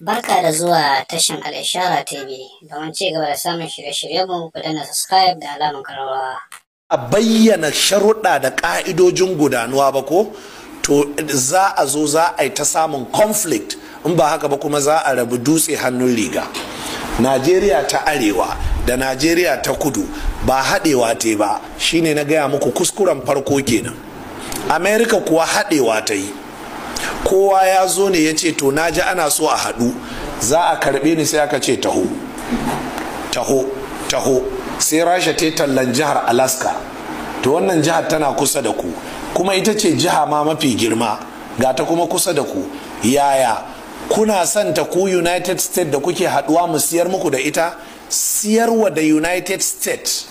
Barka da zuwa tashin Al'ishara TV da ci gaba da samun shirye-shiryenmu ku danna subscribe da alamun kararrawa. A bayyana sharuɗa da ƙa'idojin gudanuwa ba ko? To za a zo za a yi ta samun conflict in ba haka ba kuma za a rabu dutse hannun riga. Najeriya ta arewa da Najeriya ta kudu ba haɗewa ta ba shine na gaya muku kuskuren farko kenan. Amerika kuwa haɗewa ta yi. kowa ya zo ne ya ce to na ji ana so a haɗu za a karɓe ni sai aka ce taho taho taho sai rasha ta tallan jihar alaska to wannan jihar tana kusa da ku kuma ita ce jiha ma mafi girma ga ta kuma kusa da ku yaya kuna son ta ku united states da kuke haɗuwa mu siyar muku da ita siyarwa da united states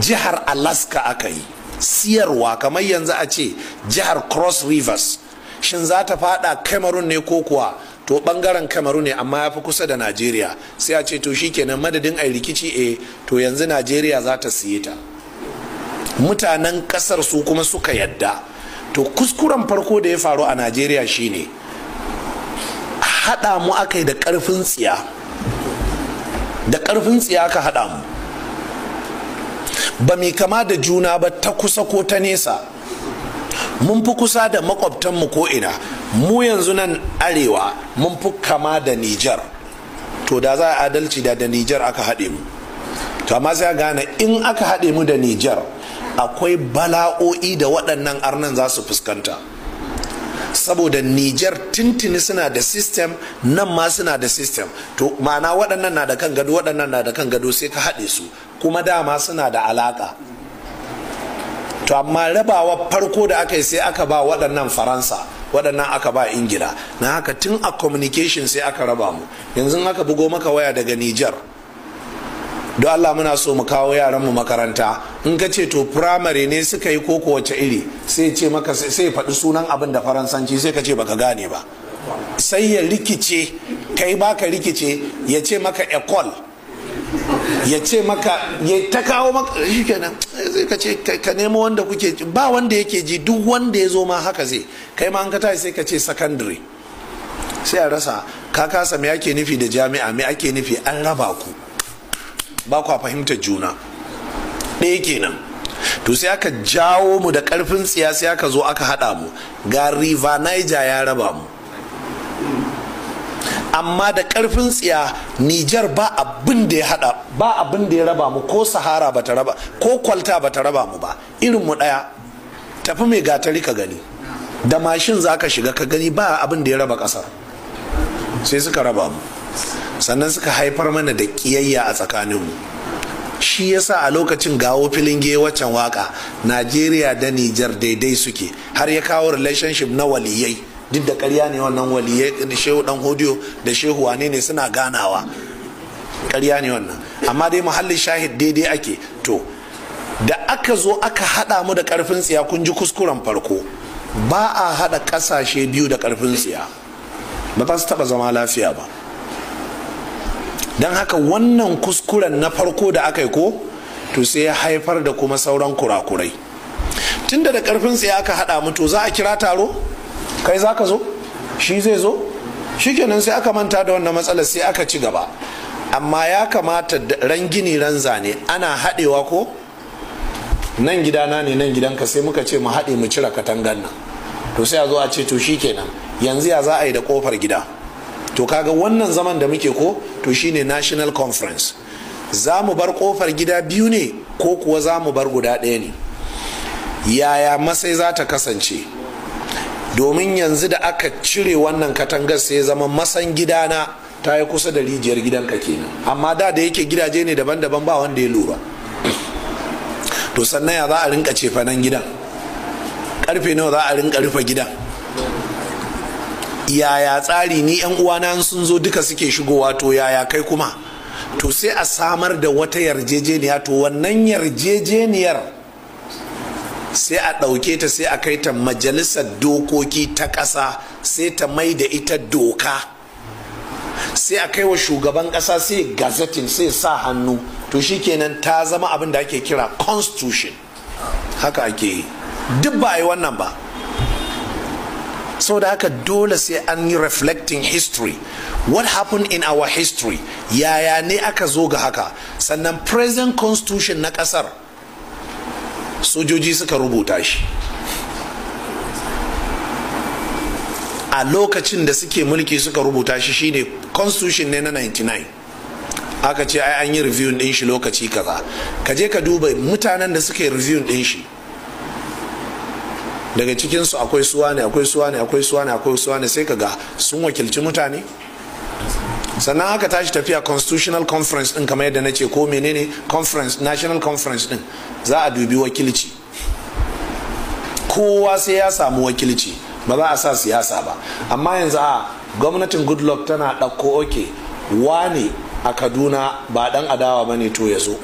jihar alaska aka yi siyarwa kamar yanzu a ce jihar cross rivers shin za ta fada cameroon ne ko kuwa to bangaren cameroon ne amma ya fi kusa da najeriya sai a ce to shikenan madadin a rikici e to yanzu najeriya za ta siye ta mutanen kasar su kuma suka yadda to kuskuren farko da ya faru a najeriya shine haɗa mu aka yi da karfin tsiya da ƙarfin tsiya ka haɗa mu ba mai kama da juna ba ta kusa ko ta nesa mun fi kusa da makwabtanmu ko ina mu yanzu nan arewa mun fi kama da nijar to da za a adalci da da nijar aka haɗe mu to amma sai gane in aka haɗe mu da nijar akwai bala'o'i da waɗannan arnan za su fuskanta saboda nijar tintini suna da system nan ma suna da system to ma'ana waɗannan na da kan gado waɗannan na da kan gado sai ka haɗe su kuma dama suna da alaƙa to amma rabawa farko da aka yi sai aka ba waɗannan faransa waɗannan aka ba ingila na haka tun a communication sai aka raba mu yanzu aka bugo maka waya daga niger don allah muna so mu kawo yaran mu makaranta in ka ce to primary ne suka yi koko wace iri sai ce maka sai faɗi sunan abin da faransanci sai ka ce baka gane ba sai ya rikice kai baka rikice ya ce maka ecole ya ce maka ya ta kawo maka eh, shi kenan eh, sai ka ce ka nemo wanda kuke ba wanda yake ji duk wanda ya zo ma haka zai kai ma an ka tashi sai ka ce secondary sai a rasa ka kasa me ake nufi da jami'a me ake nufi an raba ku ba kwa fahimtar juna ɗaya kenan to sai aka jawo mu da ƙarfin tsiya sai aka zo aka haɗa mu ga river niger ya raba mu amma da karfin tsiya Nijar ba abin da ya hada ba abin da ya raba mu ko Sahara ba ta raba ko kwalta ba ta raba mu ba irin mu daya tafi mai gatari ka gani da mashin za ka shiga ka gani ba abin da ya raba ƙasa sai suka raba mu sannan suka haifar mana da ƙiyayya a tsakaninmu shi yasa a lokacin gawo filin waccan waka najeriya da nijar daidai suke har ya kawo relationship na waliyai duk da karya ne wannan waliyai da shehu dan hodiyo da shehu wane ne suna ganawa karya ne wannan amma dai muhallin shahid daidai ake to da aka zo aka haɗa mu da ƙarfin tsiya kun ji kuskuren farko ba a haɗa ƙasashe biyu da ƙarfin tsiya ba za su taɓa zama lafiya ba don haka wannan kuskuren na farko da aka yi ko to sai ya haifar da kuma sauran kurakurai tunda da ƙarfin tsiya aka haɗa mu to za a kira taro kai za ka zo shi zai zo shikenan sai aka manta da wannan matsalar sai aka ci gaba amma ya kamata ran gini ran zane ana haɗewa ko nan gidana ne nan gidanka sai muka ce mu haɗe mu cire katangan nan to sai a zo a ce to shikenan yanzu ya za a yi da kofar gida to kaga wannan zaman da muke ko to shine national conference za mu bar kofar gida biyu ne ko kuwa za mu bar guda ɗaya ne yaya masai za ta kasance domin yanzu da aka cire wannan katangar sai zama masan gidana ta yi kusa da rijiyar gidanka kenan amma da da yake gidaje ne daban-daban ba wanda ya lura to sannan ya za a rinka nan gidan karfe nawa za a rinka rufe gidan yaya tsari ni yan uwana sun zo duka suke shigowa to yaya kai kuma to sai a samar da wata yarjejeniya to wannan yarjejeniyar sai a ɗauke ta sai a kai ta majalisar dokoki ta ƙasa sai ta mai da ita doka sai a kai wa shugaban ƙasa sai gazetin sai sa hannu to shi kenan ta zama abin da ake kira constitution haka ake yi duk ba a yi wannan ba saboda haka dole sai an yi reflecting history what happened in our history yaya ne aka zo ga haka sannan present constitution na ƙasar. sojoji suka rubuta shi a lokacin da suke mulki suka rubuta shi shine constitution ne na 99 aka ce ai an yi reviewing din shi lokaci kaza ka je ka duba mutanen da suka yi din shi daga cikinsu akwai suwa ne akwai suwa ne akwai suwa ne akwai suwa ne sai ka ga sun wakilci mutane sannan haka tashi tafiya constitutional conference din kamar yadda na ce ko menene conference national conference din za a dubi wakilci kowa sai ya samu wakilci ba za a sa siyasa ba amma yanzu a gwamnatin goodluck tana ɗauko oke wane a kaduna ba dan adawa ba ne to ya zo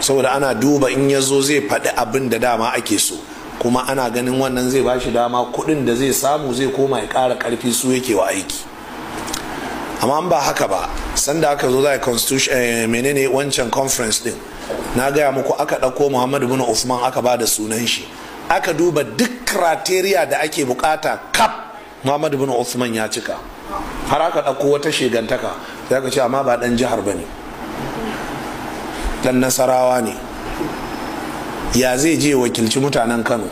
saboda ana duba in ya zo zai faɗi abin da dama ake so kuma ana ganin wannan zai ba shi dama kuɗin da zai samu zai koma ya ƙara ƙarfi su yake wa aiki amma ba haka ba sanda aka zo za a constitution eh, menene wancan conference din na gaya muku aka dauko muhammadu bin usman aka ba da sunan shi aka duba duk criteria da ake bukata kap muhammadu bin usman ya cika har aka dauko wata shegantaka za ka ce amma ba dan jihar ba ne nasarawa ne ya zai je wakilci mutanen kano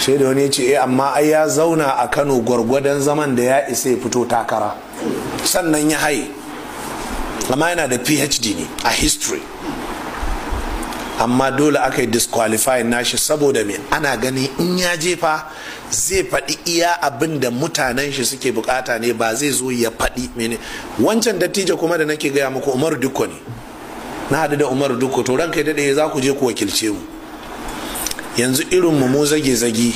sai da wani ya ce eh amma ai ya zauna a kano gwargwadon zaman da ya isa ya fito takara sannan ya haye amma yana da phd ne a history amma dole aka yi disqualify nashi saboda me ana gani in ya jefa zai faɗi iya abin da mutanen shi suke bukata ne ba zai zo ya faɗi mene wancan dattijo kuma da nake gaya muku Umaru dukko ne na haɗu da Umaru dukko to ranka ya daɗe za ku je ku wakilce mu yanzu irin mu mu zage-zage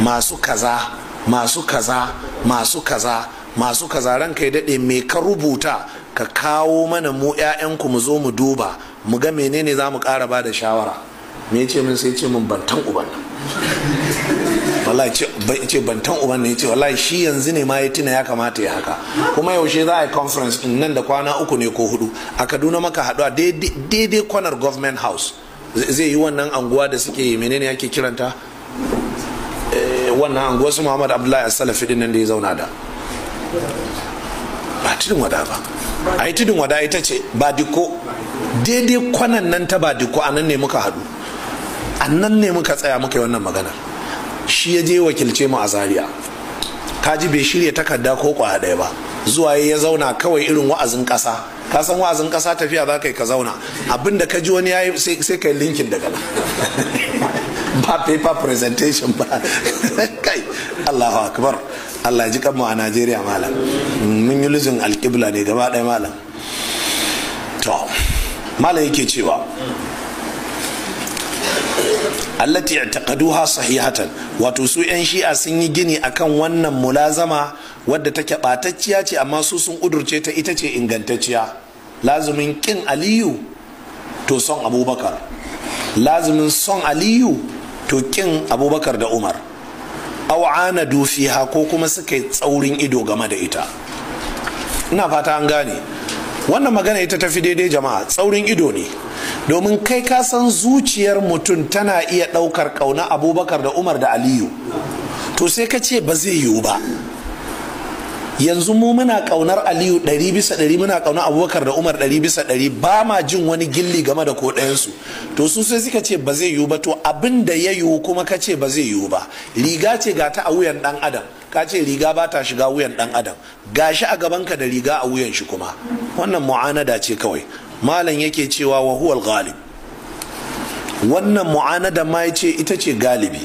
masu kaza masu kaza masu kaza masu kaza ran kai daɗe me ka rubuta ka kawo mana mu 'ya'yanku mu zo mu duba mu ga menene za mu ƙara ba da shawara me ce min sai ce min bantan uban wallahi ce bantan uban ne ce wallahi shi yanzu ne ma ya tuna ya kamata ya haka kuma yaushe za a yi conference nan da kwana uku ne ko hudu a kaduna maka haɗuwa daidai kwanar government house zai yi wannan anguwa da suke menene ake kiranta eh, wannan anguwa su muhammad abdullahi salafi din nan da ya zauna da ba tudun wada ba a yi tudun wada ita ce ba diko daidai kwanan nan ta ba diko a nan ne muka haɗu a nan ne muka tsaya muka yi wannan maganar shi ya je wakilce mu a zaria kaji bai shirya takarda ko kwa ɗaya ba zuwa ya zauna kawai irin wa'azin ƙasa ka san wa'azin ƙasa tafiya za ka yi ka zauna abin da ka ji wani yayi sai ka yi linkin daga nan ba paper presentation ba kai allahu akbar allah ji kanmu a najeriya malam mun yi lizin alƙibla ne gaba ɗaya malam to malam yake cewa allati i'taqaduha sahihatan wato su yan shi'a sun yi gini akan wannan mulazama wadda take ɓatacciya ce amma su sun ƙudurce ta ita ce ingantacciya lazumin kin aliyu to son abubakar lazumin son aliyu to kin abubakar da umar au'ana dufiha ko kuma suka yi tsaurin ido game da ita ina fata an gane wannan magana ita tafi daidai jama'a tsaurin ido ne domin kai ka san zuciyar mutum tana iya ɗaukar ƙauna abubakar da umar da aliyu to sai ka ce ba zai yiwu ba yanzu mu muna kaunar aliyu ɗari bisa ɗari muna kaunar abubakar da umar ɗari bisa ɗari ba ma jin wani gilli game da ko ɗayansu to su sai suka ce ba zai yiwu ba to abin da ya yiwu kuma ka ce ba zai yiwu ba riga ce ga ta a wuyan ɗan adam ka ce riga ba ta shiga wuyan ɗan adam ga shi a gabanka da riga a wuyan shi kuma wannan mu'anada ce kawai malam yake cewa wa huwal ghalib wannan mu'anada ma ya ce ita ce galibi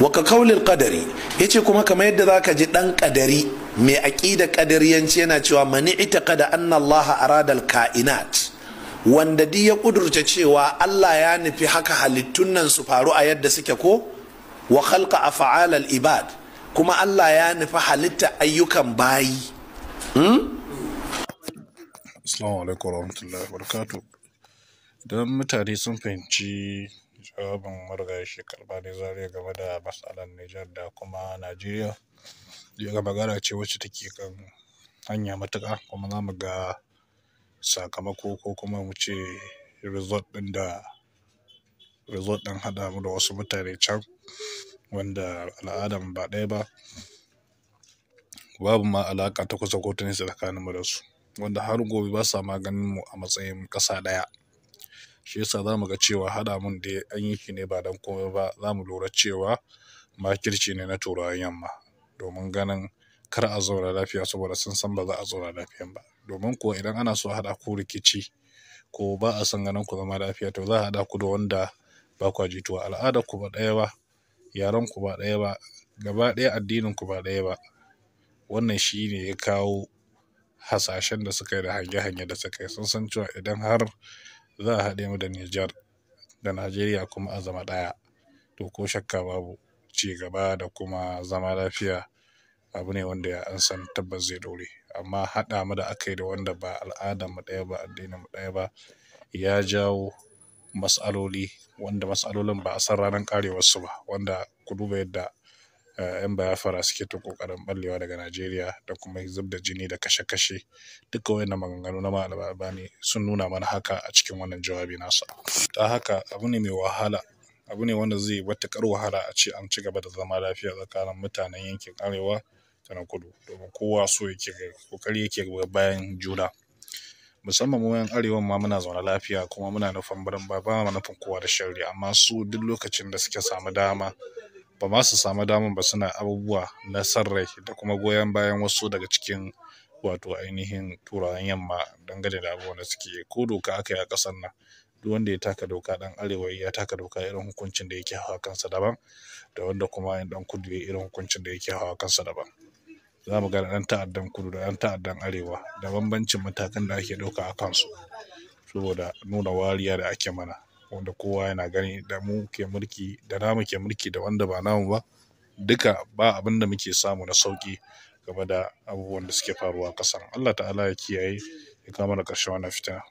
wa ka kaulil qadari ya kuma kamar yadda za ka ji ɗan kadari. mai aƙida ƙadiriyanci yana cewa mani ita kada anna allaha radar kainat wanda di ya ƙudurta cewa allah ya nufi haka halittun nan su faru a yadda suke ko wa a fa'alar ibad kuma allah ya nufi halitta ayyukan bayi hmm? assalamu alaikum warahmatullahi wabarakatuh mutane sun fahimci jawabin marigayi zariya game da matsalar nijar da kuma najeriya magana ce wacce take kan hanya matuƙa kuma za mu ga sakamako ko kuma mu ce result ɗin da result ɗin haɗa mu da wasu mutane can wanda al'adan ba ɗaya ba babu ma alaƙa ta kusa ko ta nesa tsakanin mu da su wanda har gobe ba sa maganin mu a matsayin ƙasa ɗaya shi yasa za mu ga cewa haɗa mun da an yi shi ne ba don komai ba za mu lura cewa makirci ne na turawan yamma domin ganin kar a zauna lafiya saboda sun san ba za a zauna lafiyan ba domin kuwa idan ana so a haɗa ku rikici ko ba a san ganin ku zama lafiya to za a haɗa ku da wanda ba kwa jituwa al'adar ku ba ɗaya ba yaran ku ba ɗaya ba gaba ɗaya addinin ku ba ɗaya ba wannan shi ne ya kawo hasashen da suka yi da hange-hange da suka yi sun san cewa idan har za a haɗe mu da Nijar da Najeriya kuma a zama ɗaya to ko shakka babu ci gaba da kuma zama lafiya abu ne wanda an san tabbas zai dore amma haɗa mu da aka yi da wanda ba al'adar mu ɗaya ba addinin mu ɗaya ba ya jawo matsaloli wanda matsalolin ba a san ranar karewarsu ba wanda ku duba yadda 'yan eh, bayafara suke ta kokarin ballewa daga najeriya da kuma zub da jini da kashe-kashe duka wayan maganganu na malaba ne sun nuna mana haka a cikin wannan jawabi nasu. ta haka abu ne mai wahala abu ne wanda zai matuƙar wahala a ce an ci gaba da zama lafiya tsakanin mutanen yankin arewa ta na kudu domin kowa so yake kokari yake bayan juna musamman mu yan arewa ma muna zaune lafiya kuma muna nufin baran ba ba mu nufin kowa da sharri amma su duk lokacin da suke samu dama ba ma su samu daman ba suna abubuwa na san rai da kuma goyon bayan wasu daga cikin wato ainihin turawan yamma dangane da abubuwan da suke ko doka aka yi a ƙasar nan duk wanda ya taka doka dan arewa ya taka doka irin hukuncin da yake hawa kansa daban da wanda kuma yan dan kudu ya irin hukuncin da yake hawa kansa daban za mu ga dan ta'addan kudu da dan ta'addan arewa da bambancin matakan da ake dauka a kansu saboda nuna wariya da ake mana wanda kowa yana gani da mu ke mulki da namu ke mulki da wanda ba namu ba duka ba abin da muke samu na sauki game da abubuwan da suke faruwa a ƙasar Allah ta'ala ya kiyaye ya kama da ƙarshen wannan fitina